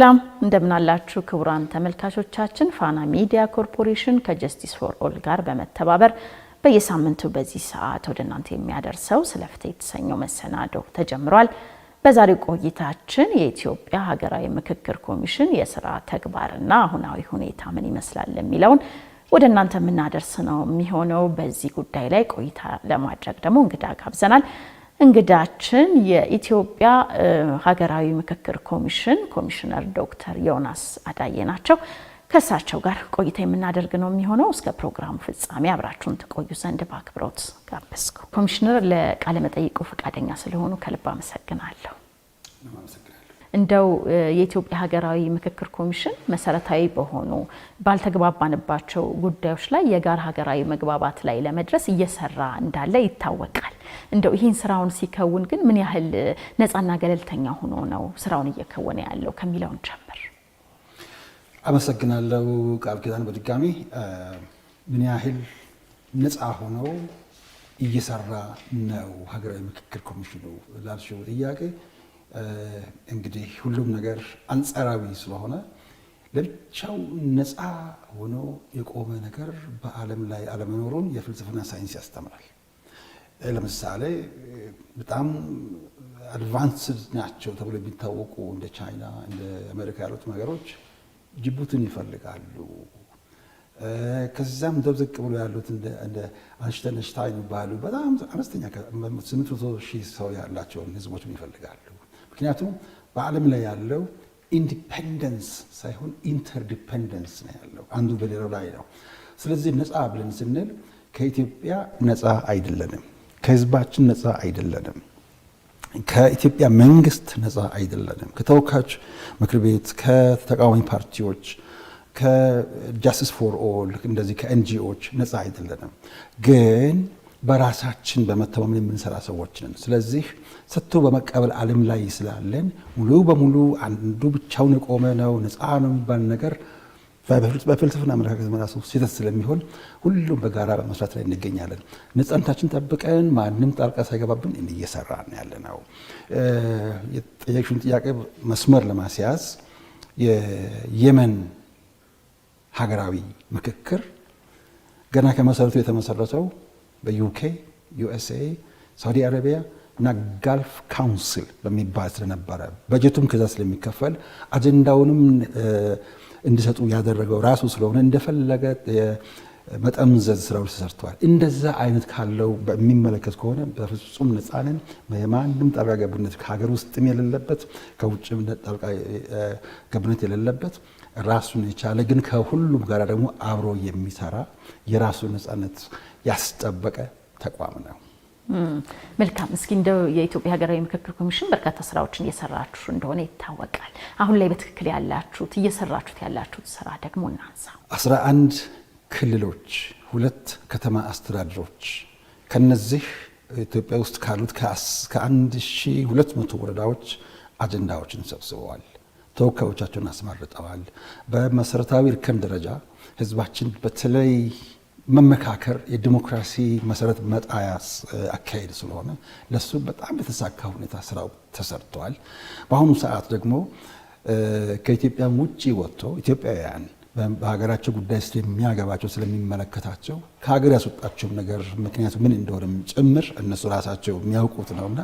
ሰላም እንደምናላችሁ ክቡራን ተመልካቾቻችን፣ ፋና ሚዲያ ኮርፖሬሽን ከጀስቲስ ፎር ኦል ጋር በመተባበር በየሳምንቱ በዚህ ሰዓት ወደ እናንተ የሚያደርሰው ስለ ፍትህ የተሰኘው መሰናዶ ተጀምሯል። በዛሬው ቆይታችን የኢትዮጵያ ሀገራዊ ምክክር ኮሚሽን የስራ ተግባርና አሁናዊ ሁኔታ ምን ይመስላል የሚለውን ወደ እናንተ የምናደርስ ነው የሚሆነው። በዚህ ጉዳይ ላይ ቆይታ ለማድረግ ደግሞ እንግዳ ጋብዘናል። እንግዳችን የኢትዮጵያ ሀገራዊ ምክክር ኮሚሽን ኮሚሽነር ዶክተር ዮናስ አዳዬ ናቸው። ከእሳቸው ጋር ቆይታ የምናደርግ ነው የሚሆነው። እስከ ፕሮግራሙ ፍጻሜ አብራችሁን ትቆዩ ዘንድ በአክብሮት ጋበዝኩ። ኮሚሽነር፣ ለቃለ መጠይቁ ፈቃደኛ ስለሆኑ ከልብ አመሰግናለሁ። እንደው የኢትዮጵያ ሀገራዊ ምክክር ኮሚሽን መሰረታዊ በሆኑ ባልተግባባንባቸው ጉዳዮች ላይ የጋራ ሀገራዊ መግባባት ላይ ለመድረስ እየሰራ እንዳለ ይታወቃል። እንደው ይህን ስራውን ሲከውን ግን ምን ያህል ነፃና ገለልተኛ ሆኖ ነው ስራውን እየከወነ ያለው ከሚለውን ጀምር። አመሰግናለሁ ቃል ኪዳን። በድጋሚ ምን ያህል ነፃ ሆነው እየሰራ ነው ሀገራዊ ምክክር ኮሚሽኑ ላልሽው ጥያቄ እንግዲህ ሁሉም ነገር አንጻራዊ ስለሆነ ለብቻው ነፃ ሆኖ የቆመ ነገር በዓለም ላይ አለመኖሩን የፍልስፍና ሳይንስ ያስተምራል። ለምሳሌ በጣም አድቫንስድ ናቸው ተብሎ የሚታወቁ እንደ ቻይና እንደ አሜሪካ ያሉት ነገሮች ጅቡትን ይፈልጋሉ። ከዛም ደብዘቅ ብሎ ያሉት እንደ አንሽተንሽታይን ባሉ በጣም አነስተኛ ስምንት መቶ ሺህ ሰው ያላቸውን ህዝቦችም ይፈልጋሉ። ምክንያቱም በዓለም ላይ ያለው ኢንዲፐንደንስ ሳይሆን ኢንተርዲፐንደንስ ነው ያለው፣ አንዱ በሌላው ላይ ነው። ስለዚህ ነፃ ብለን ስንል ከኢትዮጵያ ነፃ አይደለንም፣ ከህዝባችን ነፃ አይደለንም፣ ከኢትዮጵያ መንግስት ነፃ አይደለንም፣ ከተወካዮች ምክር ቤት፣ ከተቃዋሚ ፓርቲዎች፣ ከጃስቲስ ፎር ኦል እንደዚህ ከኤንጂኦዎች ነፃ አይደለንም ግን በራሳችን በመተማመን የምንሰራ ነን። ስለዚህ ሰጥቶ በመቀበል ዓለም ላይ ስላለን ሙሉ በሙሉ አንዱ ብቻውን የቆመ ነው ነፃ ነው የሚባል ነገር በፍልስፍና አመለካከት መራሱ ሲተት ስለሚሆን ሁሉም በጋራ በመስራት ላይ እንገኛለን። ነፃነታችን ጠብቀን ማንም ጣልቃ ሳይገባብን እየሰራን ያለ ነው። የጠየቅሽውን ጥያቄ መስመር ለማስያዝ የየመን ሀገራዊ ምክክር ገና ከመሰረቱ የተመሰረተው በዩኬ ዩኤስኤ፣ ሳውዲ አረቢያ እና ጋልፍ ካውንስል በሚባል ስለነበረ በጀቱም ከዛ ስለሚከፈል አጀንዳውንም እንዲሰጡ ያደረገው ራሱ ስለሆነ እንደፈለገ መጠምዘዝ ስራዎች ተሰርተዋል። እንደዛ አይነት ካለው በሚመለከት ከሆነ በፍጹም ነፃንን የማንም ጣልቃ ገብነት ከሀገር ውስጥም የሌለበት ከውጭም ጣልቃ ገብነት የሌለበት ራሱን የቻለ ግን ከሁሉም ጋር ደግሞ አብሮ የሚሰራ የራሱ ነፃነት ያስጠበቀ ተቋም ነው። መልካም። እስኪ እንደው የኢትዮጵያ ሀገራዊ ምክክር ኮሚሽን በርካታ ስራዎችን እየሰራችሁ እንደሆነ ይታወቃል። አሁን ላይ በትክክል ያላችሁት እየሰራችሁት ያላችሁት ስራ ደግሞ እናንሳ። አስራ አንድ ክልሎች፣ ሁለት ከተማ አስተዳደሮች ከነዚህ ኢትዮጵያ ውስጥ ካሉት ከ1200 ወረዳዎች አጀንዳዎችን ሰብስበዋል። ተወካዮቻቸውን አስመርጠዋል። በመሰረታዊ እርከን ደረጃ ህዝባችን በተለይ መመካከር የዲሞክራሲ መሰረት መጣያስ አካሄድ ስለሆነ ለሱ በጣም በተሳካ ሁኔታ ስራው ተሰርተዋል። በአሁኑ ሰዓት ደግሞ ከኢትዮጵያ ውጭ ወጥቶ ኢትዮጵያውያን በሀገራቸው ጉዳይ ስለሚያገባቸው ስለሚመለከታቸው ከሀገር ያስወጣቸውም ነገር ምክንያቱ ምን እንደሆነ ጭምር እነሱ ራሳቸው የሚያውቁት እና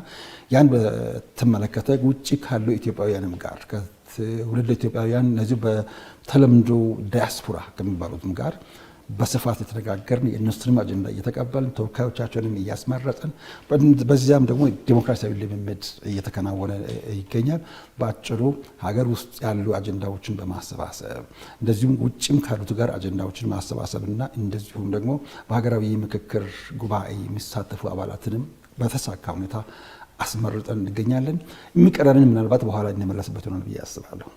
ያን በተመለከተ ውጭ ካሉ ኢትዮጵያውያንም ጋር ከትውልድ ኢትዮጵያውያን እነዚሁ በተለምዶ ዳያስፖራ ከሚባሉትም ጋር በስፋት የተነጋገርን የእነሱንም አጀንዳ እየተቀበልን ተወካዮቻቸውንም እያስመረጥን በዚያም ደግሞ ዴሞክራሲያዊ ልምምድ እየተከናወነ ይገኛል። በአጭሩ ሀገር ውስጥ ያሉ አጀንዳዎችን በማሰባሰብ እንደዚሁም ውጭም ካሉት ጋር አጀንዳዎችን ማሰባሰብ እና እንደዚሁም ደግሞ በሀገራዊ ምክክር ጉባኤ የሚሳተፉ አባላትንም በተሳካ ሁኔታ አስመርጠን እንገኛለን። የሚቀረንን ምናልባት በኋላ እንመለስበት ሆነ ብዬ አስባለሁ።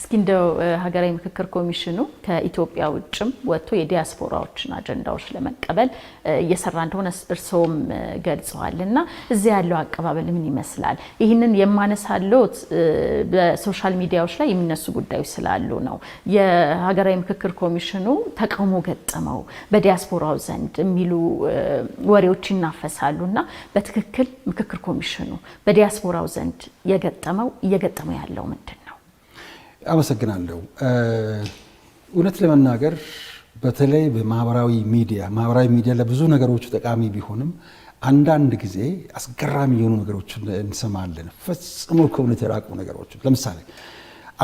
እስኪ እንደው ሀገራዊ ምክክር ኮሚሽኑ ከኢትዮጵያ ውጭም ወጥቶ የዲያስፖራዎችን አጀንዳዎች ለመቀበል እየሰራ እንደሆነ እርስዎም ገልጸዋል እና እዚያ ያለው አቀባበል ምን ይመስላል? ይህንን የማነሳሎት በሶሻል ሚዲያዎች ላይ የሚነሱ ጉዳዮች ስላሉ ነው። የሀገራዊ ምክክር ኮሚሽኑ ተቃውሞ ገጠመው በዲያስፖራው ዘንድ የሚሉ ወሬዎች ይናፈሳሉ እና በትክክል ምክክር ኮሚሽኑ በዲያስፖራው ዘንድ የገጠመው እየገጠመው ያለው ምንድን ነው? አመሰግናለሁ። እውነት ለመናገር በተለይ በማህበራዊ ሚዲያ ማህበራዊ ሚዲያ ለብዙ ነገሮች ጠቃሚ ቢሆንም አንዳንድ ጊዜ አስገራሚ የሆኑ ነገሮች እንሰማለን። ፈጽሞ ከእውነት የራቁ ነገሮች። ለምሳሌ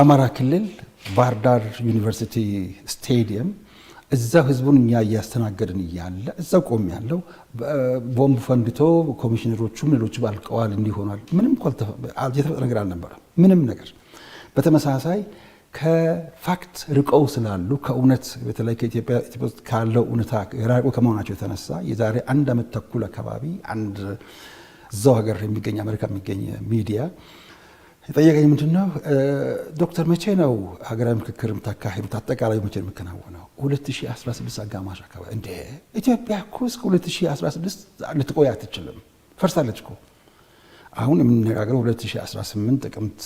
አማራ ክልል ባህርዳር ዩኒቨርሲቲ ስቴዲየም እዛው ህዝቡን እኛ እያስተናገድን እያለ እዛው ቆም ያለው ቦምብ ፈንድቶ ኮሚሽነሮቹም ሌሎቹ አልቀዋል። እንዲሆናል ምንም የተፈጠረ ነገር አልነበረም። ምንም ነገር በተመሳሳይ ከፋክት ርቀው ስላሉ ከእውነት በተለይ ከኢትዮጵያ ውስጥ ካለው እውነታ ራቁ ከመሆናቸው የተነሳ የዛሬ አንድ ዓመት ተኩል አካባቢ አንድ እዛው ሀገር የሚገኝ አሜሪካ የሚገኝ ሚዲያ የጠየቀኝ ምንድን ነው ዶክተር፣ መቼ ነው ሀገራዊ ምክክር የምታካሂዱት? አጠቃላይ መቼ ነው የሚከናወነው? 2016 አጋማሽ አካባቢ። እንዴ ኢትዮጵያ እኮ እስከ 2016 ልትቆይ አትችልም፣ ፈርሳለች እኮ አሁን የምንነጋገረው 2018 ጥቅምት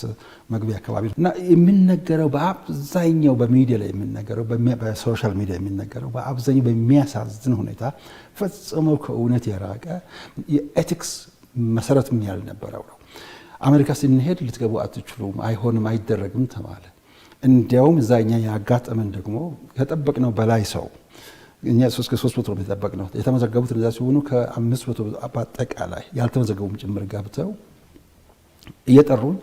መግቢያ አካባቢ ነው እና የምነገረው በአብዛኛው በሚዲያ ላይ የሚነገረው በሶሻል ሚዲያ የሚነገረው በአብዛኛው በሚያሳዝን ሁኔታ ፈጽሞ ከእውነት የራቀ የኤቲክስ መሰረት ምን ያልነበረው ነው። አሜሪካ ስንሄድ ልትገቡ አትችሉም፣ አይሆንም፣ አይደረግም ተባለ። እንዲያውም እዛኛ ያጋጠመን ደግሞ ከጠበቅነው በላይ ሰው እኛ ሶስት ከሶስት መቶ ነው የሚጠበቅ ነው። የተመዘገቡት እንደዛ ሲሆኑ ከአምስት መቶ በአጠቃላይ ያልተመዘገቡም ጭምር ገብተው እየጠሩን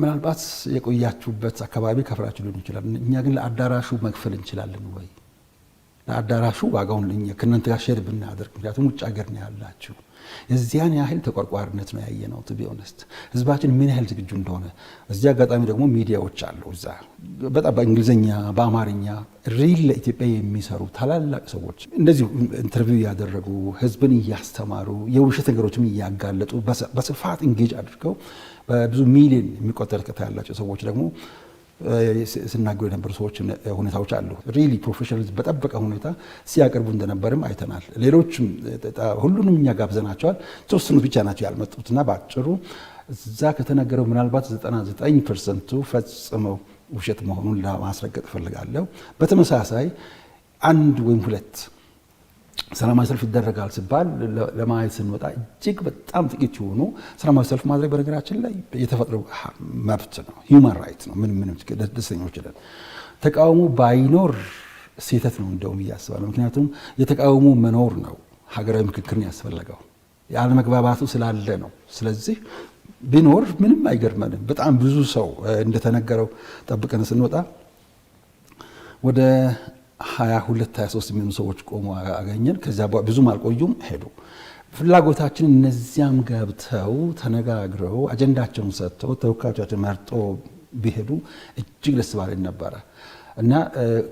ምናልባት የቆያችሁበት አካባቢ ከፍላችሁ ሊሆን ይችላል። እኛ ግን ለአዳራሹ መክፈል እንችላለን ወይ? ለአዳራሹ ዋጋውን ልኛ ከእናንተ ጋር ሼር ብናደርግ፣ ምክንያቱም ውጭ ሀገር ነው ያላችሁ እዚያን ያህል ተቆርቋሪነት ነው ያየ ነው ቢ ኦነስት ህዝባችን ምን ያህል ዝግጁ እንደሆነ። እዚህ አጋጣሚ ደግሞ ሚዲያዎች አሉ እዛ በጣም በእንግሊዝኛ በአማርኛ ሪል ለኢትዮጵያ የሚሰሩ ታላላቅ ሰዎች እንደዚሁ ኢንተርቪው እያደረጉ ህዝብን እያስተማሩ የውሸት ነገሮችም እያጋለጡ በስፋት እንጌጅ አድርገው በብዙ ሚሊዮን የሚቆጠር ቅታ ያላቸው ሰዎች ደግሞ ስናገሩ የነበሩ ሰዎች ሁኔታዎች አሉ። ሪሊ ፕሮፌሽናሊዝም በጠበቀ ሁኔታ ሲያቀርቡ እንደነበርም አይተናል። ሌሎችም ሁሉንም እኛ ጋብዘናቸዋል። ተወሰኑት ብቻ ናቸው ያልመጡትና በአጭሩ እዛ ከተነገረው ምናልባት 99 ፐርሰንቱ ፈጽመው ውሸት መሆኑን ለማስረገጥ እፈልጋለሁ። በተመሳሳይ አንድ ወይም ሁለት ሰላማዊ ሰልፍ ይደረጋል ሲባል ለማየት ስንወጣ እጅግ በጣም ጥቂት የሆኑ ሰላማዊ ሰልፍ ማድረግ በነገራችን ላይ የተፈጥሮ መብት ነው፣ ሂውማን ራይት ነው። ምንም ምንም ደስተኞች ነን። ተቃውሞ ባይኖር ስህተት ነው እንደውም እያስባለ ምክንያቱም የተቃውሞ መኖር ነው ሀገራዊ ምክክርን ያስፈለገው ያለመግባባቱ ስላለ ነው። ስለዚህ ቢኖር ምንም አይገርመንም። በጣም ብዙ ሰው እንደተነገረው ጠብቀን ስንወጣ ወደ ሀያ ሶስት የሚሆኑ ሰዎች ቆሞ አገኘን። ከዚያ ብዙም አልቆዩም ሄዱ። ፍላጎታችን እነዚያም ገብተው ተነጋግረው አጀንዳቸውን ሰጥተው ተወካዮቻችን መርጦ ቢሄዱ እጅግ ደስ ባለን ነበረ። እና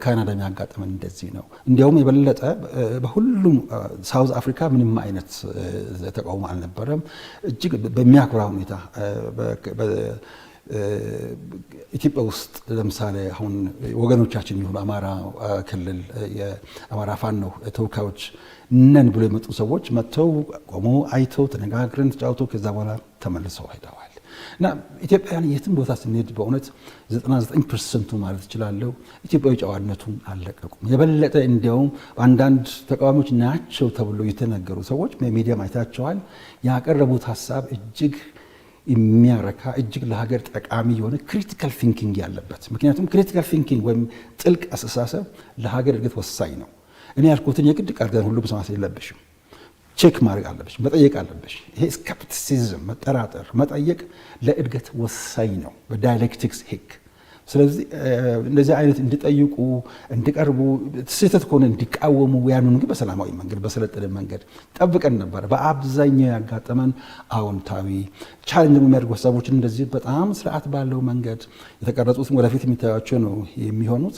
ካናዳ የሚያጋጥመን እንደዚህ ነው። እንዲያውም የበለጠ በሁሉም ሳውዝ አፍሪካ ምንም አይነት ተቃውሞ አልነበረም። እጅግ በሚያኩራ ሁኔታ ኢትዮጵያ ውስጥ ለምሳሌ አሁን ወገኖቻችን የሚሆኑ አማራ ክልል የአማራ ፋኖ ተወካዮች ነን ብሎ የመጡ ሰዎች መጥተው ቆሞ አይተው ተነጋግረን ተጫውተው ከዛ በኋላ ተመልሰው ሄደዋል እና ኢትዮጵያውያን የትም ቦታ ስንሄድ በእውነት 99 ፐርሰንቱ ማለት እችላለሁ ኢትዮጵያዊ ጨዋነቱን አልለቀቁም። የበለጠ እንዲያውም አንዳንድ ተቃዋሚዎች ናቸው ተብሎ የተነገሩ ሰዎች ሚዲያም አይታቸዋል። ያቀረቡት ሀሳብ እጅግ የሚያረካ እጅግ ለሀገር ጠቃሚ የሆነ ክሪቲካል ቲንኪንግ ያለበት ምክንያቱም ክሪቲካል ቲንኪንግ ወይም ጥልቅ አስተሳሰብ ለሀገር እድገት ወሳኝ ነው። እኔ ያልኩትን የግድ ቃል ጋር ሁሉ መስማት የለብሽም። ቼክ ማድረግ አለብሽ፣ መጠየቅ አለብሽ። ይሄ ስከፕቲሲዝም መጠራጠር፣ መጠየቅ ለእድገት ወሳኝ ነው በዳይሌክቲክስ ህግ ስለዚህ እንደዚህ አይነት እንዲጠይቁ እንዲቀርቡ፣ ስህተት ከሆነ እንዲቃወሙ፣ ያንን ግን በሰላማዊ መንገድ በሰለጠነ መንገድ ጠብቀን ነበር። በአብዛኛው ያጋጠመን አዎንታዊ ቻሌንጅ የሚያደርጉ ሀሳቦችን እንደዚህ በጣም ስርዓት ባለው መንገድ የተቀረጹት ወደፊት የሚታያቸው ነው የሚሆኑት።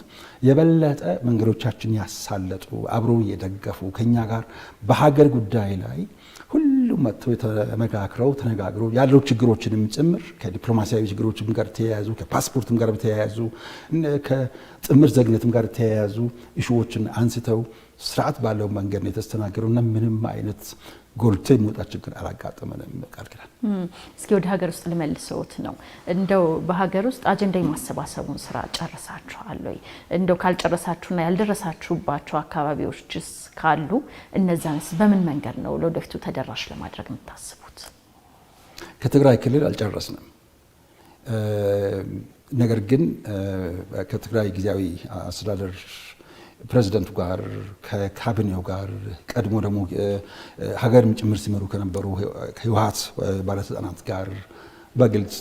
የበለጠ መንገዶቻችን ያሳለጡ አብሮ እየደገፉ ከኛ ጋር በሀገር ጉዳይ ላይ ሁሉም መጥተው ተመካክረው ተነጋግረው ያለው ችግሮችንም ጭምር ከዲፕሎማሲያዊ ችግሮችም ጋር ተያያዙ፣ ከፓስፖርትም ጋር ተያያዙ፣ ከጥምር ዜግነትም ጋር ተያያዙ እሹዎችን አንስተው ስርዓት ባለው መንገድ ነው የተስተናገረው ምንም አይነት ጎልቶ የሚወጣ ችግር አላጋጠመንም። ቃል ኪዳን፣ እስኪ ወደ ሀገር ውስጥ ልመልሰውት ነው። እንደው በሀገር ውስጥ አጀንዳ የማሰባሰቡን ስራ ጨርሳችኋል ወይ? እንደው ካልጨረሳችሁና ያልደረሳችሁባቸው አካባቢዎችስ ካሉ እነዛንስ በምን መንገድ ነው ለወደፊቱ ተደራሽ ለማድረግ የምታስቡት? ከትግራይ ክልል አልጨረስንም። ነገር ግን ከትግራይ ጊዜያዊ አስተዳደር ፕሬዚደንቱ ጋር ከካቢኔው ጋር ቀድሞ ደግሞ ሀገርም ጭምር ሲመሩ ከነበሩ ህወሀት ባለስልጣናት ጋር በግልጽ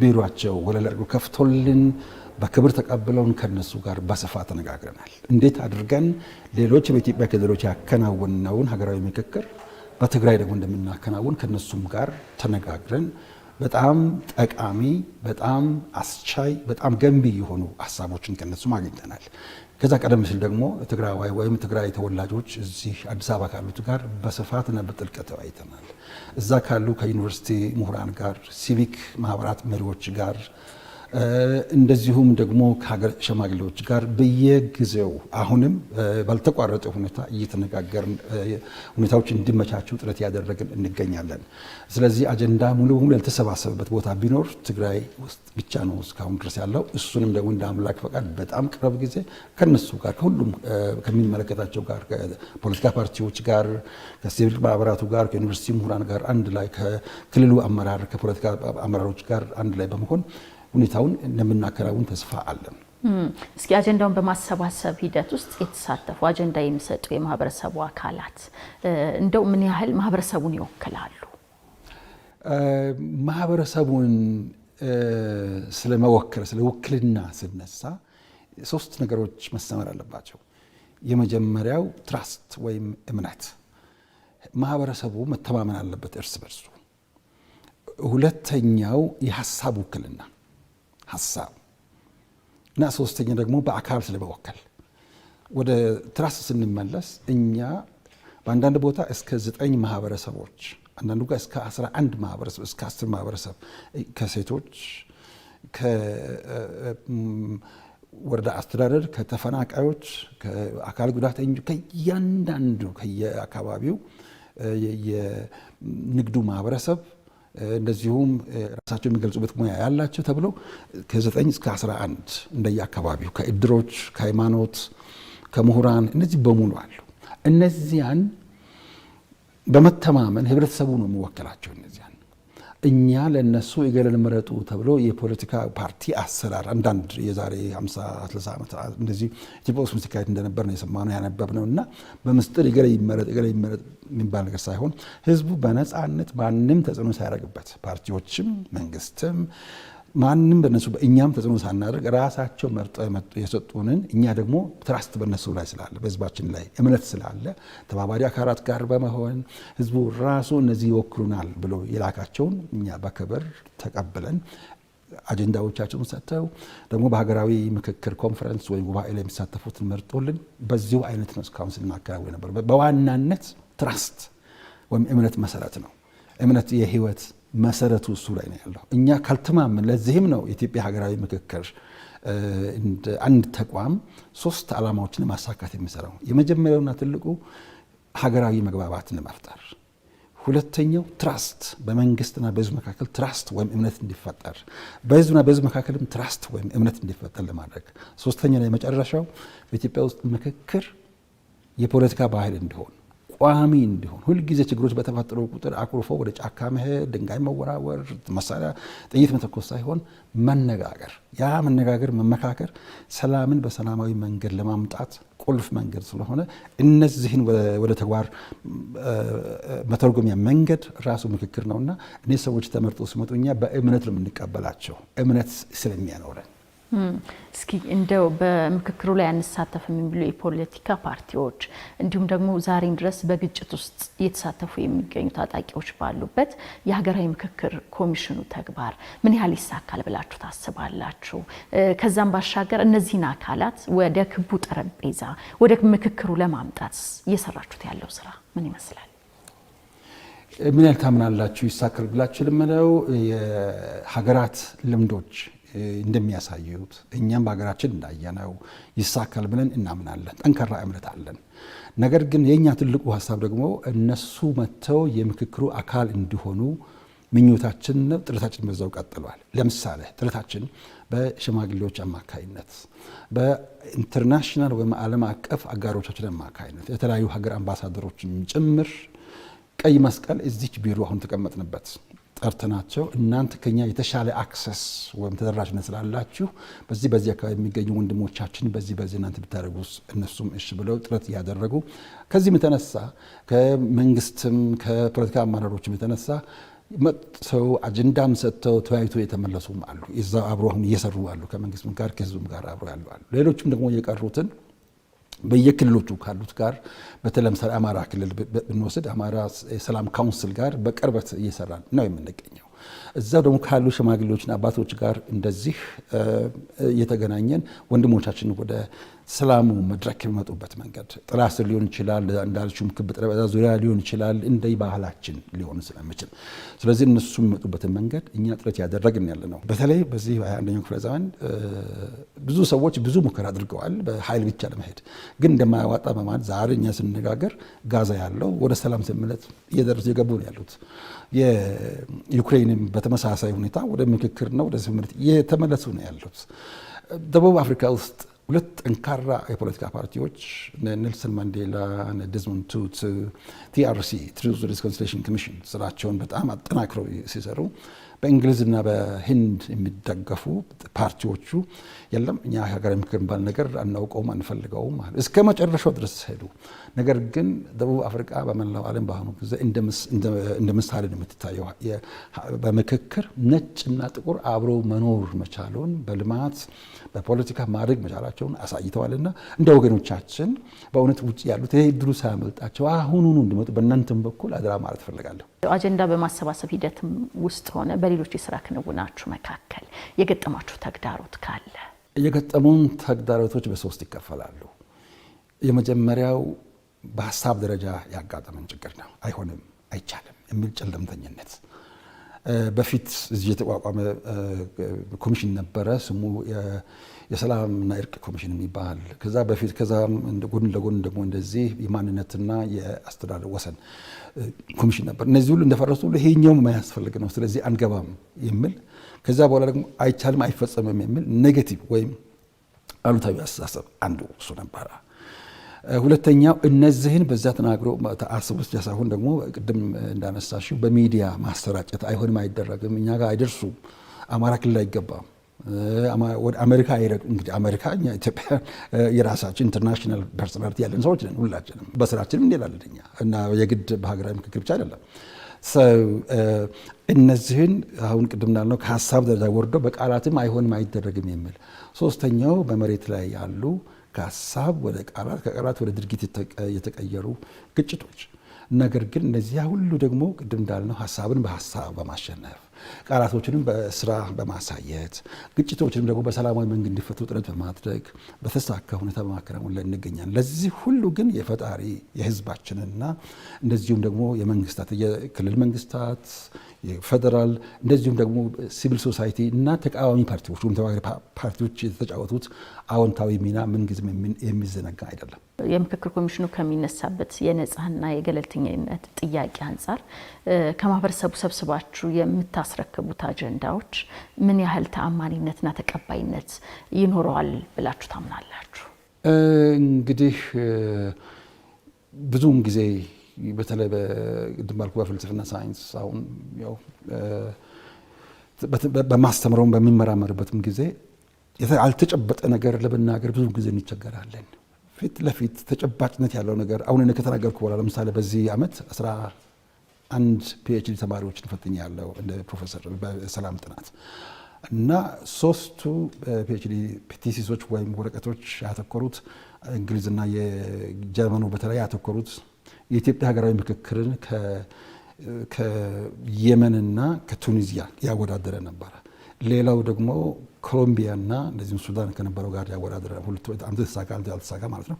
ቢሯቸው ወለል አድርገው ከፍቶልን በክብር ተቀብለውን ከነሱ ጋር በስፋት ተነጋግረናል። እንዴት አድርገን ሌሎች በኢትዮጵያ ክልሎች ያከናወንነውን ሀገራዊ ምክክር በትግራይ ደግሞ እንደምናከናውን ከነሱም ጋር ተነጋግረን በጣም ጠቃሚ፣ በጣም አስቻይ፣ በጣም ገንቢ የሆኑ ሀሳቦችን ከነሱም አግኝተናል። ከዛ ቀደም ሲል ደግሞ ትግራዋይ ወይም ትግራይ ተወላጆች እዚህ አዲስ አበባ ካሉት ጋር በስፋትና በጥልቀት ተወያይተናል። እዛ ካሉ ከዩኒቨርሲቲ ምሁራን ጋር፣ ሲቪክ ማህበራት መሪዎች ጋር እንደዚሁም ደግሞ ከሀገር ሸማግሌዎች ጋር በየጊዜው አሁንም ባልተቋረጠ ሁኔታ እየተነጋገርን ሁኔታዎች እንዲመቻቸው ጥረት ያደረግን እንገኛለን። ስለዚህ አጀንዳ ሙሉ በሙሉ ያልተሰባሰበበት ቦታ ቢኖር ትግራይ ውስጥ ብቻ ነው እስካሁን ድረስ ያለው። እሱንም ደግሞ እንደ አምላክ ፈቃድ በጣም ቅረብ ጊዜ ከነሱ ጋር ከሁሉም ከሚመለከታቸው ጋር ከፖለቲካ ፓርቲዎች ጋር ከሲቪል ማህበራቱ ጋር ከዩኒቨርሲቲ ምሁራን ጋር አንድ ላይ ከክልሉ አመራር ከፖለቲካ አመራሮች ጋር አንድ ላይ በመሆን ሁኔታውን እንደምናከናውን ተስፋ አለን። እስኪ አጀንዳውን በማሰባሰብ ሂደት ውስጥ የተሳተፉ አጀንዳ የሚሰጡ የማህበረሰቡ አካላት እንደው ምን ያህል ማህበረሰቡን ይወክላሉ? ማህበረሰቡን ስለመወከል ስለ ውክልና ስነሳ ሶስት ነገሮች መሰመር አለባቸው። የመጀመሪያው ትራስት ወይም እምነት፣ ማህበረሰቡ መተማመን አለበት እርስ በርሱ። ሁለተኛው የሀሳብ ውክልና ሀሳብ እና ሶስተኛ ደግሞ በአካል ስለመወከል ወደ ትራስ ስንመለስ እኛ በአንዳንድ ቦታ እስከ ዘጠኝ ማህበረሰቦች አንዳንዱ ጋር እስከ 11 ማህበረሰብ እስከ 10 ማህበረሰብ ከሴቶች ከወረዳ አስተዳደር ከተፈናቃዮች ከአካል ጉዳተኞ ከእያንዳንዱ ከየአካባቢው የንግዱ ማህበረሰብ እንደዚሁም ራሳቸው የሚገልጹበት ሙያ ያላቸው ተብለው ከ9 እስከ 11 እንደየአካባቢው ከእድሮች፣ ከሃይማኖት፣ ከምሁራን እነዚህ በሙሉ አሉ። እነዚያን በመተማመን ህብረተሰቡ ነው የሚወክላቸው እነዚያን እኛ ለእነሱ እገሌን ምረጡ ተብሎ የፖለቲካ ፓርቲ አሰራር አንዳንድ የዛሬ 50 ዓመት እንደዚህ ኢትዮጵያ ውስጥ ሲካሄድ እንደነበር ነው የሰማነው ያነበብነው እና በምስጢር እገሌ ይመረጥ እገሌ ይመረጥ የሚባል ነገር ሳይሆን ህዝቡ በነፃነት ማንም ተጽዕኖ ሳያደርግበት ፓርቲዎችም መንግስትም ማንም በነሱ እኛም ተጽዕኖ ሳናደርግ ራሳቸው መርጠው መጡ የሰጡንን እኛ ደግሞ ትራስት በነሱ ላይ ስላለ በህዝባችን ላይ እምነት ስላለ ተባባሪ አካላት ጋር በመሆን ህዝቡ ራሱ እነዚህ ይወክሉናል ብሎ የላካቸውን እኛ በክብር ተቀብለን አጀንዳዎቻቸውን ሰጥተው ደግሞ በሀገራዊ ምክክር ኮንፈረንስ ወይም ጉባኤ ላይ የሚሳተፉትን መርጦልን በዚሁ አይነት ነው እስካሁን ስናከናወን ነበር። በዋናነት ትራስት ወይም እምነት መሰረት ነው። እምነት የህይወት መሰረቱ እሱ ላይ ነው ያለው። እኛ ካልተማመን፣ ለዚህም ነው የኢትዮጵያ ሀገራዊ ምክክር አንድ ተቋም ሶስት ዓላማዎችን ማሳካት የሚሰራው። የመጀመሪያውና ትልቁ ሀገራዊ መግባባትን መፍጠር፣ ሁለተኛው ትራስት፣ በመንግስትና በህዝብ መካከል ትራስት ወይም እምነት እንዲፈጠር፣ በህዝብና በህዝብ መካከልም ትራስት ወይም እምነት እንዲፈጠር ለማድረግ፣ ሶስተኛው የመጨረሻው በኢትዮጵያ ውስጥ ምክክር የፖለቲካ ባህል እንዲሆን ቋሚ እንዲሆን ሁልጊዜ ችግሮች በተፈጠሩ ቁጥር አኩርፎ ወደ ጫካ መሄድ፣ ድንጋይ መወራወር፣ መሳሪያ ጥይት መተኮስ ሳይሆን መነጋገር፣ ያ መነጋገር፣ መመካከር ሰላምን በሰላማዊ መንገድ ለማምጣት ቁልፍ መንገድ ስለሆነ እነዚህን ወደ ተግባር መተርጎሚያ መንገድ ራሱ ምክክር ነውና እኔ ሰዎች ተመርጦ ሲመጡ እኛ በእምነት ነው የምንቀበላቸው እምነት ስለሚያኖረን እስኪ እንደው በምክክሩ ላይ አንሳተፍም የሚሉ የፖለቲካ ፓርቲዎች እንዲሁም ደግሞ ዛሬም ድረስ በግጭት ውስጥ እየተሳተፉ የሚገኙ ታጣቂዎች ባሉበት የሀገራዊ ምክክር ኮሚሽኑ ተግባር ምን ያህል ይሳካል ብላችሁ ታስባላችሁ? ከዛም ባሻገር እነዚህን አካላት ወደ ክቡ ጠረጴዛ ወደ ምክክሩ ለማምጣት እየሰራችሁት ያለው ስራ ምን ይመስላል? ምን ያህል ታምናላችሁ ይሳካል ብላችሁ ልመለው የሀገራት ልምዶች እንደሚያሳዩት እኛም በሀገራችን እንዳየነው ይሳካል ብለን እናምናለን። ጠንካራ እምነት አለን። ነገር ግን የእኛ ትልቁ ሀሳብ ደግሞ እነሱ መጥተው የምክክሩ አካል እንዲሆኑ ምኞታችን ነው። ጥረታችን በዛው ቀጥሏል። ለምሳሌ ጥረታችን በሽማግሌዎች አማካይነት በኢንተርናሽናል ወይም ዓለም አቀፍ አጋሮቻችን አማካይነት የተለያዩ ሀገር አምባሳደሮችን ጭምር ቀይ መስቀል እዚች ቢሮ አሁን ተቀመጥንበት ጠርተናቸው እናንተ ከኛ የተሻለ አክሰስ ወይም ተደራሽነት ስላላችሁ በዚህ በዚህ አካባቢ የሚገኙ ወንድሞቻችን በዚህ በዚህ እናንተ ብታደርጉ እነሱም እሽ ብለው ጥረት እያደረጉ ከዚህም የተነሳ ከመንግስትም ከፖለቲካ አመራሮችም የተነሳ መጥተው አጀንዳም ሰጥተው ተወያይቶ የተመለሱም አሉ። እዛው አብሮ አሁን እየሰሩ አሉ። ከመንግስትም ጋር ከህዝብም ጋር አብሮ ያሉ አሉ። ሌሎችም ደግሞ የቀሩትን በየክልሎቹ ካሉት ጋር በተለይ አማራ ክልል ብንወስድ አማራ የሰላም ካውንስል ጋር በቅርበት እየሰራን ነው የምንገኘው። እዛ ደግሞ ካሉ ሽማግሌዎችና አባቶች ጋር እንደዚህ እየተገናኘን ወንድሞቻችን ወደ ሰላሙ መድረክ የሚመጡበት መንገድ ጥላ ስር ሊሆን ይችላል፣ እንዳልችም ክብ ጠረጴዛ ዙሪያ ሊሆን ይችላል፣ እንደ ባህላችን ሊሆን ስለምችል፣ ስለዚህ እነሱ የሚመጡበትን መንገድ እኛ ጥረት ያደረግን ያለ ነው። በተለይ በዚህ በአንደኛው ክፍለ ዘመን ብዙ ሰዎች ብዙ ሙከራ አድርገዋል፣ በኃይል ብቻ ለመሄድ ግን እንደማያዋጣ በማለት ዛሬ እኛ ስንነጋገር ጋዛ ያለው ወደ ሰላም ስምምነት እየደረሱ የገቡ ነው ያሉት። የዩክሬንም በተመሳሳይ ሁኔታ ወደ ምክክርና ወደ ስምምነት እየተመለሱ ነው ያሉት። ደቡብ አፍሪካ ውስጥ ሁለት ጠንካራ የፖለቲካ ፓርቲዎች ኔልሰን ማንዴላ፣ ዴዝሞንድ ቱቱ፣ ቲአርሲ ትሩዝ ሪኮንሲሊዬሽን ኮሚሽን ስራቸውን በጣም አጠናክረው ሲሰሩ በእንግሊዝና በህንድ የሚደገፉ ፓርቲዎቹ የለም እኛ ሀገራዊ ምክር ነገር አናውቀውም አንፈልገውም ማለት እስከ መጨረሻው ድረስ ሄዱ። ነገር ግን ደቡብ አፍሪቃ በመላው ዓለም በአሁኑ ጊዜ እንደ ምሳሌ ነው የምትታየው። በምክክር ነጭና ጥቁር አብሮ መኖር መቻሉን በልማት በፖለቲካ ማድረግ መቻላቸውን አሳይተዋልና እንደ ወገኖቻችን በእውነት ውጭ ያሉት ይሄ ድሉ ሳያመልጣቸው አሁኑኑ እንዲመጡ በእናንተም በኩል አደራ ማለት እፈልጋለሁ። አጀንዳ በማሰባሰብ ሂደትም ውስጥ ሆነ በሌሎች የስራ ክንውናችሁ መካከል የገጠማችሁ ተግዳሮት ካለ የገጠሙን ተግዳሮቶች በሶስት ይከፈላሉ። የመጀመሪያው በሀሳብ ደረጃ ያጋጠመን ችግር ነው። አይሆንም፣ አይቻልም የሚል ጨለምተኝነት። በፊት እዚህ የተቋቋመ ኮሚሽን ነበረ ስሙ የሰላምና እርቅ ኮሚሽን የሚባል ከዛ በፊት ከዛም ጎን ለጎን ደግሞ እንደዚህ የማንነትና የአስተዳደር ወሰን ኮሚሽን ነበር። እነዚህ ሁሉ እንደፈረሱ ሁሉ ይሄኛውም የማያስፈልግ ነው፣ ስለዚህ አንገባም የሚል ከዛ በኋላ ደግሞ አይቻልም አይፈጸምም የሚል ኔጌቲቭ ወይም አሉታዊ አስተሳሰብ አንዱ እሱ ነበረ። ሁለተኛው እነዚህን በዛ ተናግሮ አስብ ውስጥ ሳይሆን ደግሞ ቅድም እንዳነሳሽው በሚዲያ ማሰራጨት አይሆንም፣ አይደረግም፣ እኛ ጋር አይደርሱም፣ አማራ ክልል አይገባም፣ ወደ አሜሪካ አይረዱ። እንግዲህ አሜሪካ እኛ ኢትዮጵያ የራሳችን ኢንተርናሽናል ፐርሶናሊቲ ያለን ሰዎች ነን። ሁላችንም በስራችንም እንዴላለን እና የግድ በሀገራዊ ምክክር ብቻ አይደለም እነዚህን አሁን ቅድም እንዳልነው ከሀሳብ ደረጃ ወርዶ በቃላትም አይሆንም አይደረግም የሚል ሶስተኛው በመሬት ላይ ያሉ ከሀሳብ ወደ ቃላት ከቃላት ወደ ድርጊት የተቀየሩ ግጭቶች ነገር ግን እነዚያ ሁሉ ደግሞ ቅድም እንዳልነው ሀሳብን በሀሳብ በማሸነፍ ቃላቶችንም በስራ በማሳየት ግጭቶችንም ደግሞ በሰላማዊ መንገድ እንዲፈቱ ጥረት በማድረግ በተሳካ ሁኔታ በማከናወን ላይ እንገኛለን። ለዚህ ሁሉ ግን የፈጣሪ የህዝባችንና እንደዚሁም ደግሞ የመንግስታት የክልል መንግስታት የፌደራል እንደዚሁም ደግሞ ሲቪል ሶሳይቲ እና ተቃዋሚ ፓርቲዎች ወይም ተዋጊ ፓርቲዎች የተጫወቱት አዎንታዊ ሚና ምንጊዜም የሚዘነጋ አይደለም። የምክክር ኮሚሽኑ ከሚነሳበት የነጻና የገለልተኝነት ጥያቄ አንጻር ከማህበረሰቡ ሰብስባችሁ የምታስረክቡት አጀንዳዎች ምን ያህል ተአማኒነትና ተቀባይነት ይኖረዋል ብላችሁ ታምናላችሁ? እንግዲህ ብዙውን ጊዜ በተለይ በድንባልኩ በፍልስፍና ሳይንስ አሁን ያው በማስተምረውም በሚመራመርበትም ጊዜ ያልተጨበጠ ነገር ለመናገር ብዙ ጊዜ እንቸገራለን። ፊት ለፊት ተጨባጭነት ያለው ነገር አሁን እኔ ከተናገርኩ በኋላ ለምሳሌ በዚህ ዓመት አስራ አንድ ፒኤችዲ ተማሪዎችን ያለው እንደ ፕሮፌሰር በሰላም ጥናት እና ሶስቱ ፒኤችዲ ቲሲሶች ወይም ወረቀቶች ያተኮሩት እንግሊዝና የጀርመኑ በተለይ ያተኮሩት የኢትዮጵያ ሀገራዊ ምክክርን ከየመንና ከቱኒዚያ ያወዳደረ ነበረ። ሌላው ደግሞ ኮሎምቢያ ኮሎምቢያና እንደዚሁም ሱዳን ከነበረው ጋር ያወዳደረ አንዱ ተሳካ አንዱ ያልተሳካ ማለት ነው።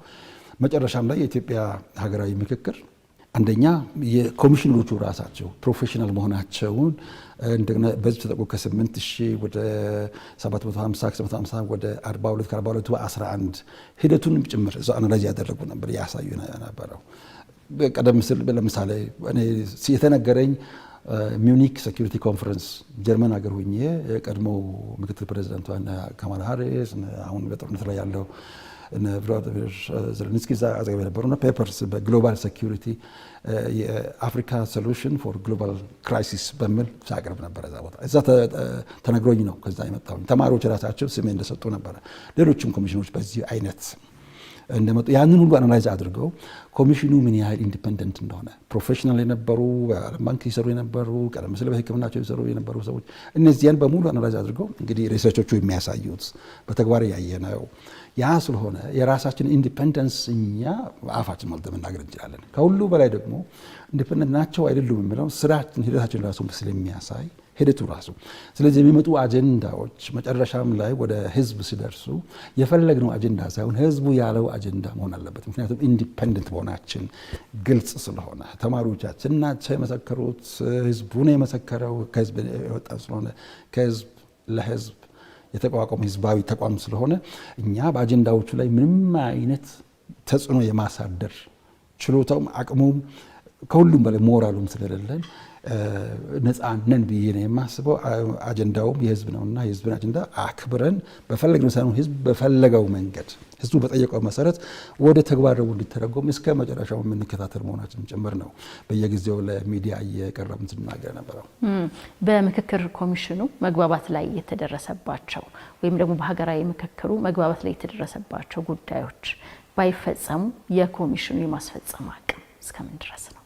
መጨረሻም ላይ የኢትዮጵያ ሀገራዊ ምክክር አንደኛ የኮሚሽነሮቹ ራሳቸው ፕሮፌሽናል መሆናቸውን እንደገና በዚህ ተጠቁ ከ8 ወደ 750 750 ወደ 42 42 በ11 ሂደቱን ጭምር እዛ አናላይዝ ያደረጉ ነበር ያሳዩ ነበረው። ቀደም ስል ለምሳሌ የተነገረኝ ሚዩኒክ ሴኩሪቲ ኮንፈረንስ ጀርመን ሀገር ሁኜ uh, ቀድሞ ምክትል ፕሬዚዳንቷን ካማላ ሃሪስ አሁን በጦርነት ላይ ያለው ቮሎዲሚር uh, ዘለንስኪ እዛ አጠገብ የነበሩና ፔፐርስ በግሎባል ሴኪሪቲ uh, የአፍሪካ ሶሉሽን ፎር ግሎባል ክራይሲስ በሚል ሳቅርብ ነበረ። እዛ ቦታ እዛ ተነግሮኝ ነው ከዛ የመጣሁኝ። ተማሪዎች ራሳቸው ስሜ እንደሰጡ ነበረ። ሌሎችም ኮሚሽኖች በዚህ አይነት እንደመጡ ያንን ሁሉ አናላይዝ አድርገው ኮሚሽኑ ምን ያህል ኢንዲፐንደንት እንደሆነ ፕሮፌሽናል የነበሩ በዓለም ባንክ የሰሩ የነበሩ ቀደም ሲል በሕክምናቸው የሰሩ የነበሩ ሰዎች እነዚያን በሙሉ አናላይዝ አድርገው እንግዲህ ሪሰርቾቹ የሚያሳዩት በተግባር ያየ ነው። ያ ስለሆነ የራሳችን ኢንዲፐንደንስ እኛ አፋችን ሞልተን መናገር እንችላለን። ከሁሉ በላይ ደግሞ ኢንዲፐንደንት ናቸው አይደሉም የሚለው ስራችን ሂደታችን ራሱ ስለሚያሳይ ሂደቱ ራሱ። ስለዚህ የሚመጡ አጀንዳዎች መጨረሻም ላይ ወደ ህዝብ ሲደርሱ የፈለግነው አጀንዳ ሳይሆን ህዝቡ ያለው አጀንዳ መሆን አለበት። ምክንያቱም ኢንዲፐንደንት መሆናችን ግልጽ ስለሆነ ተማሪዎቻችን ናቸው የመሰከሩት፣ ህዝቡ ነው የመሰከረው፣ ከህዝብ የወጣ ስለሆነ ከህዝብ ለህዝብ የተቋቋመ ህዝባዊ ተቋም ስለሆነ እኛ በአጀንዳዎቹ ላይ ምንም አይነት ተጽዕኖ የማሳደር ችሎታውም አቅሙም ከሁሉም በላይ ሞራሉም ስለሌለን ነፃ ነን ብዬ ነው የማስበው። አጀንዳውም የህዝብ ነውና የህዝብን አጀንዳ አክብረን በፈለግነው ሳይሆን ህዝብ በፈለገው መንገድ ህዝቡ በጠየቀው መሰረት ወደ ተግባር ደግሞ እንዲተረጎም እስከ መጨረሻው የምንከታተል መሆናችን ጭምር ነው በየጊዜው ለሚዲያ እየቀረብን ስንናገር ነበረው። በምክክር ኮሚሽኑ መግባባት ላይ የተደረሰባቸው ወይም ደግሞ በሀገራዊ ምክክሩ መግባባት ላይ የተደረሰባቸው ጉዳዮች ባይፈጸሙ የኮሚሽኑ የማስፈጸም አቅም እስከምን ድረስ ነው?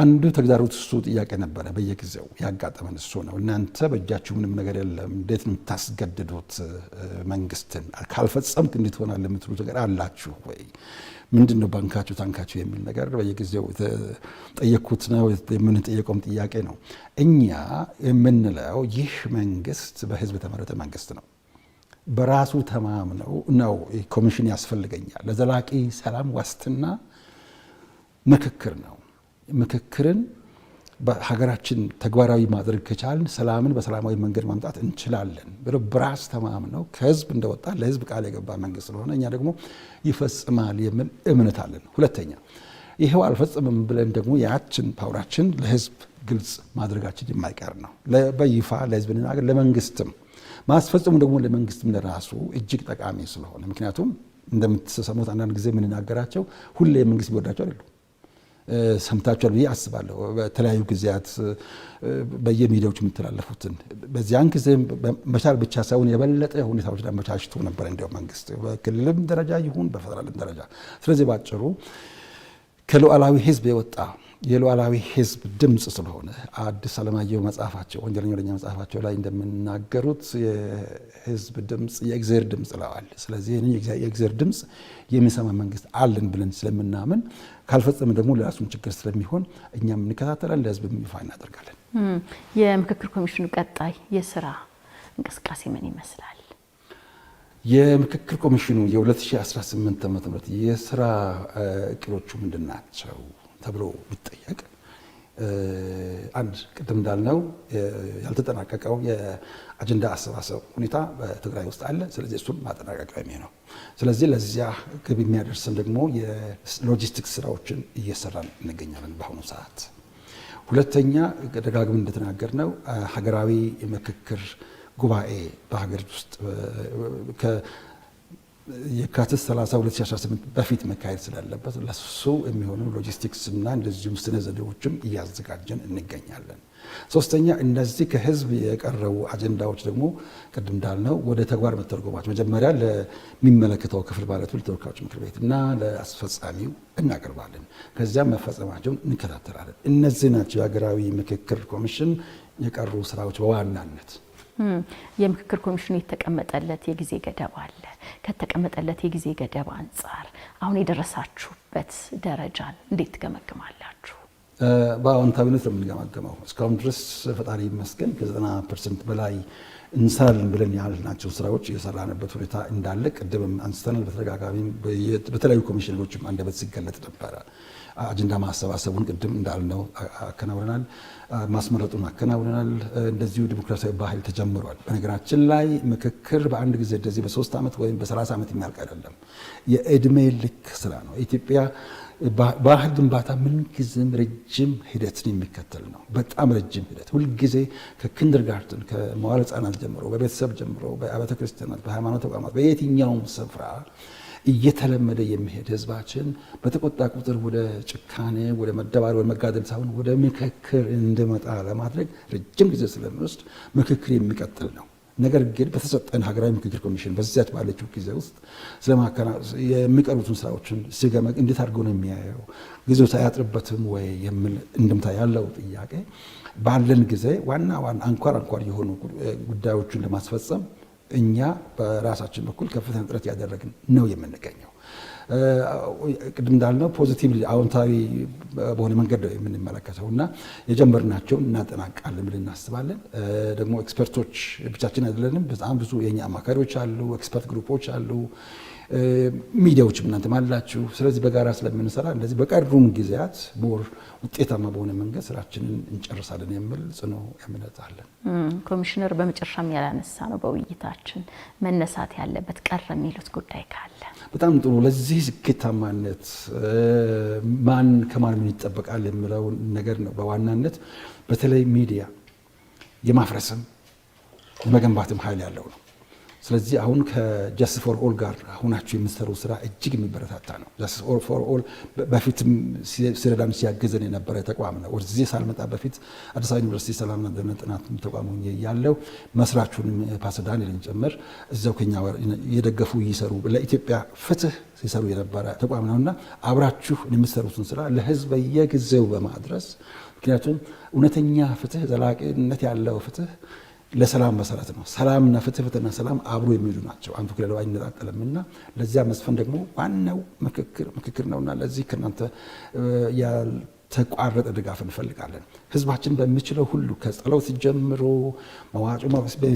አንዱ ተግዳሮት እሱ ጥያቄ ነበረ። በየጊዜው ያጋጠመን እሱ ነው። እናንተ በእጃችሁ ምንም ነገር የለም፣ እንዴት ነው የምታስገድዱት መንግስትን? ካልፈጸምክ እንዴት ሆናል የምትሉት ነገር አላችሁ ወይ? ምንድን ነው ባንካችሁ ታንካችሁ የሚል ነገር በየጊዜው የተጠየቅኩት ነው። የምንጠየቀውም ጥያቄ ነው። እኛ የምንለው ይህ መንግስት በህዝብ የተመረጠ መንግስት ነው። በራሱ ተማምነው ነው ኮሚሽን ያስፈልገኛል። ለዘላቂ ሰላም ዋስትና ምክክር ነው ምክክርን በሀገራችን ተግባራዊ ማድረግ ከቻልን ሰላምን በሰላማዊ መንገድ ማምጣት እንችላለን ብሎ በራስ ተማምነው ከህዝብ እንደወጣ ለህዝብ ቃል የገባ መንግስት ስለሆነ እኛ ደግሞ ይፈጽማል የሚል እምነት አለን። ሁለተኛ ይሄው አልፈጽምም ብለን ደግሞ ያችን ፓውራችን ለህዝብ ግልጽ ማድረጋችን የማይቀር ነው። በይፋ ለህዝብ እንናገር፣ ለመንግስትም ማስፈጽሙ ደግሞ ለመንግስትም ለራሱ እጅግ ጠቃሚ ስለሆነ ምክንያቱም እንደምትሰሙት አንዳንድ ጊዜ የምንናገራቸው ሁሌ መንግስት ይወዳቸው አይደሉም ሰምታችኋል ብዬ አስባለሁ። በተለያዩ ጊዜያት በየሚዲያዎች የሚተላለፉትን በዚያን ጊዜ መቻል ብቻ ሳይሆን የበለጠ ሁኔታዎች አመቻችቶ ነበር እንዲያው መንግስት በክልልም ደረጃ ይሁን በፌደራልም ደረጃ። ስለዚህ ባጭሩ ከሉዓላዊ ህዝብ የወጣ የሉዓላዊ ህዝብ ድምፅ ስለሆነ አዲስ አለማየሁ መጽሐፋቸው ወንጀለኛ ወደኛ መጽሐፋቸው ላይ እንደሚናገሩት የህዝብ ድምፅ የእግዜር ድምፅ ለዋል። ስለዚህ ይህንን የእግዜር ድምፅ የሚሰማ መንግስት አለን ብለን ስለምናምን ካልፈጸመ ደግሞ ለራሱን ችግር ስለሚሆን እኛም እንከታተላል፣ ለህዝብ ይፋ እናደርጋለን። የምክክር ኮሚሽኑ ቀጣይ የስራ እንቅስቃሴ ምን ይመስላል? የምክክር ኮሚሽኑ የ2018 ዓ ም የስራ እቅዶቹ ምንድን ናቸው? ተብሎ ቢጠየቅ አንድ ቅድም እንዳልነው ያልተጠናቀቀው የአጀንዳ አሰባሰብ ሁኔታ በትግራይ ውስጥ አለ። ስለዚህ እሱን ማጠናቀቂያ የሚሆን ነው። ስለዚህ ለዚያ ግብ የሚያደርስን ደግሞ የሎጂስቲክስ ስራዎችን እየሰራን እንገኛለን በአሁኑ ሰዓት። ሁለተኛ ደጋግም እንደተናገር ነው ሀገራዊ የምክክር ጉባኤ በሀገሪቱ ውስጥ የካቲት 30 2018 በፊት መካሄድ ስላለበት ለሱ የሚሆኑ ሎጂስቲክስ እና እንደዚሁም ስነ ዘዴዎችም እያዘጋጀን እንገኛለን። ሶስተኛ እነዚህ ከህዝብ የቀረቡ አጀንዳዎች ደግሞ ቅድም እንዳልነው ወደ ተግባር መተርጎማቸው መጀመሪያ ለሚመለከተው ክፍል ማለት ለተወካዮች ምክር ቤት እና ለአስፈጻሚው እናቀርባለን። ከዚያም መፈጸማቸውን እንከታተላለን። እነዚህ ናቸው የሀገራዊ ምክክር ኮሚሽን የቀሩ ስራዎች በዋናነት። የምክክር ኮሚሽኑ የተቀመጠለት የጊዜ ገደብ አለ። ከተቀመጠለት የጊዜ ገደብ አንጻር አሁን የደረሳችሁበት ደረጃን እንዴት ትገመግማላችሁ? በአዎንታዊነት ነው የምንገመገመው። እስካሁን ድረስ ፈጣሪ ይመስገን ከዘጠና ፐርሰንት በላይ እንሰራለን ብለን ያልናቸው ስራዎች እየሰራንበት ሁኔታ እንዳለ ቅድምም አንስተናል። በተደጋጋሚ በተለያዩ ኮሚሽነሮችም አንደበት ሲገለጥ ነበረ። አጀንዳ ማሰባሰቡን ቅድም እንዳልነው አከናውነናል። ማስመረጡን አከናውነናል። እንደዚሁ ዲሞክራሲያዊ ባህል ተጀምሯል። በነገራችን ላይ ምክክር በአንድ ጊዜ እንደዚህ በሶስት ዓመት ወይም በሰላሳ ዓመት የሚያልቅ አይደለም። የእድሜ ልክ ስራ ነው። ኢትዮጵያ ባህል ግንባታ ምንጊዜም ረጅም ሂደትን የሚከተል ነው። በጣም ረጅም ሂደት ሁልጊዜ ከኪንደርጋርተን ከመዋለ ህጻናት ጀምሮ፣ በቤተሰብ ጀምሮ፣ በአብያተ ክርስቲያናት፣ በሃይማኖት ተቋማት፣ በየትኛውም ስፍራ እየተለመደ የሚሄድ ህዝባችን በተቆጣ ቁጥር ወደ ጭካኔ፣ ወደ መደባር፣ ወደ መጋደል ሳይሆን ወደ ምክክር እንድመጣ ለማድረግ ረጅም ጊዜ ስለሚወስድ ምክክር የሚቀጥል ነው። ነገር ግን በተሰጠን ሀገራዊ ምክክር ኮሚሽን በዚያች ባለችው ጊዜ ውስጥ የሚቀርቡትን ስራዎችን ሲገመግ እንዴት አድርገው ነው የሚያየው ጊዜው ሳያጥርበትም ወይ የሚል እንድምታ ያለው ጥያቄ ባለን ጊዜ ዋና ዋና አንኳር አንኳር የሆኑ ጉዳዮችን ለማስፈጸም እኛ በራሳችን በኩል ከፍተኛ ጥረት ያደረግን ነው የምንገኘው። ቅድም እንዳልነው ፖዚቲቭ አዎንታዊ በሆነ መንገድ ነው የምንመለከተው እና የጀመርናቸውን እናጠናቃለን ብለን እናስባለን። ደግሞ ኤክስፐርቶች ብቻችን አይደለንም። በጣም ብዙ የኛ አማካሪዎች አሉ፣ ኤክስፐርት ግሩፖች አሉ ሚዲያዎችም እናንተም አላችሁ። ስለዚህ በጋራ ስለምንሰራ እንደዚህ በቀሩም ጊዜያት ሞር ውጤታማ በሆነ መንገድ ስራችንን እንጨርሳለን የሚል ጽኑ እምነት አለን። ኮሚሽነር፣ በመጨረሻም ያላነሳ ነው በውይይታችን መነሳት ያለበት ቀረ የሚሉት ጉዳይ ካለ? በጣም ጥሩ። ለዚህ ስኬታማነት ማን ከማን ምን ይጠበቃል የሚለው ነገር ነው በዋናነት በተለይ ሚዲያ የማፍረስም የመገንባትም ኃይል ያለው ነው። ስለዚህ አሁን ከጃስቲስ ፎር ኦል ጋር አሁናችሁ የምትሰሩ ስራ እጅግ የሚበረታታ ነው። ጃስቲስ ፎር ኦል በፊትም ሲረዳም ሲያገዘን የነበረ ተቋም ነው። ወደዚህ ሳልመጣ በፊት አዲስ አበባ ዩኒቨርሲቲ ሰላምና ደህንነት ጥናት ተቋም ሆኜ ያለው መስራቹንም ፓሰዳን ጭምር እዚያው ከኛ የደገፉ ይሰሩ ለኢትዮጵያ ፍትህ ሲሰሩ የነበረ ተቋም ነው እና አብራችሁ የምትሰሩትን ስራ ለህዝብ በየጊዜው በማድረስ ምክንያቱም እውነተኛ ፍትህ ዘላቂነት ያለው ፍትህ ለሰላም መሰረት ነው። ሰላምና ፍትህ፣ ፍትህና ሰላም አብሮ የሚሄዱ ናቸው። አንዱ ከሌላው አይነጣጠልም እና ለዚያ መስፈን ደግሞ ዋናው ምክክር ምክክር ነውና ለዚህ ከእናንተ ተቋረጠ ድጋፍ እንፈልጋለን። ህዝባችን በሚችለው ሁሉ ከጸሎት ጀምሮ መዋጮ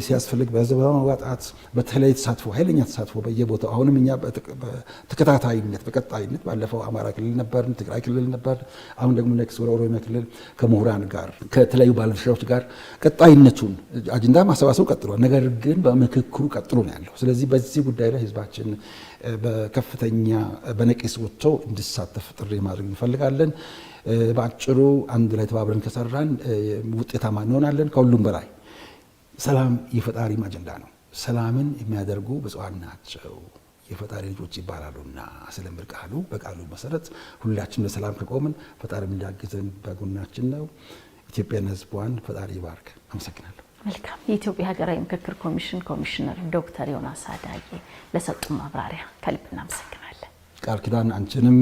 ሲያስፈልግ በህዝብ መዋጣት፣ በተለይ ተሳትፎ ኃይለኛ ተሳትፎ በየቦታው አሁንም እኛ ተከታታይነት በቀጣይነት ባለፈው አማራ ክልል ነበር፣ ትግራይ ክልል ነበር። አሁን ደግሞ ነክስ ወደ ኦሮሚያ ክልል ከምሁራን ጋር ከተለያዩ ባለድርሻዎች ጋር ቀጣይነቱን አጀንዳ ማሰባሰቡ ቀጥሏል። ነገር ግን በምክክሩ ቀጥሎ ነው ያለው። ስለዚህ በዚህ ጉዳይ ላይ ህዝባችን በከፍተኛ በነቂስ ወጥቶ እንዲሳተፍ ጥሪ ማድረግ እንፈልጋለን። በአጭሩ አንድ ላይ ተባብረን ከሰራን ውጤታማ እንሆናለን። ከሁሉም በላይ ሰላም የፈጣሪም አጀንዳ ነው። ሰላምን የሚያደርጉ ብፁዓን ናቸው የፈጣሪ ልጆች ይባላሉና ስለሚል ቃሉ በቃሉ መሰረት ሁላችን ለሰላም ከቆምን ፈጣሪ የሚያግዘን በጎናችን ነው። ኢትዮጵያን ሕዝቧን ፈጣሪ ይባርክ። አመሰግናለሁ። መልካም። የኢትዮጵያ ሀገራዊ ምክክር ኮሚሽን ኮሚሽነር ዶክተር ዮናስ አዳዬ ለሰጡ ማብራሪያ ከልብ እናመሰግናለን። ቃል ኪዳን አንችንም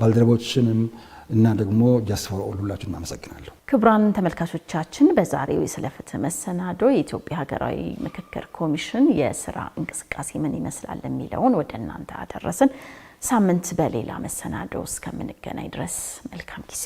ባልደረቦችንም እና ደግሞ ጃስፈር ሁላችሁን አመሰግናለሁ። ክቡራን ተመልካቾቻችን በዛሬው የስለ ፍትህ መሰናዶ የኢትዮጵያ ሀገራዊ ምክክር ኮሚሽን የስራ እንቅስቃሴ ምን ይመስላል የሚለውን ወደ እናንተ አደረስን። ሳምንት በሌላ መሰናዶ እስከምንገናኝ ድረስ መልካም ጊዜ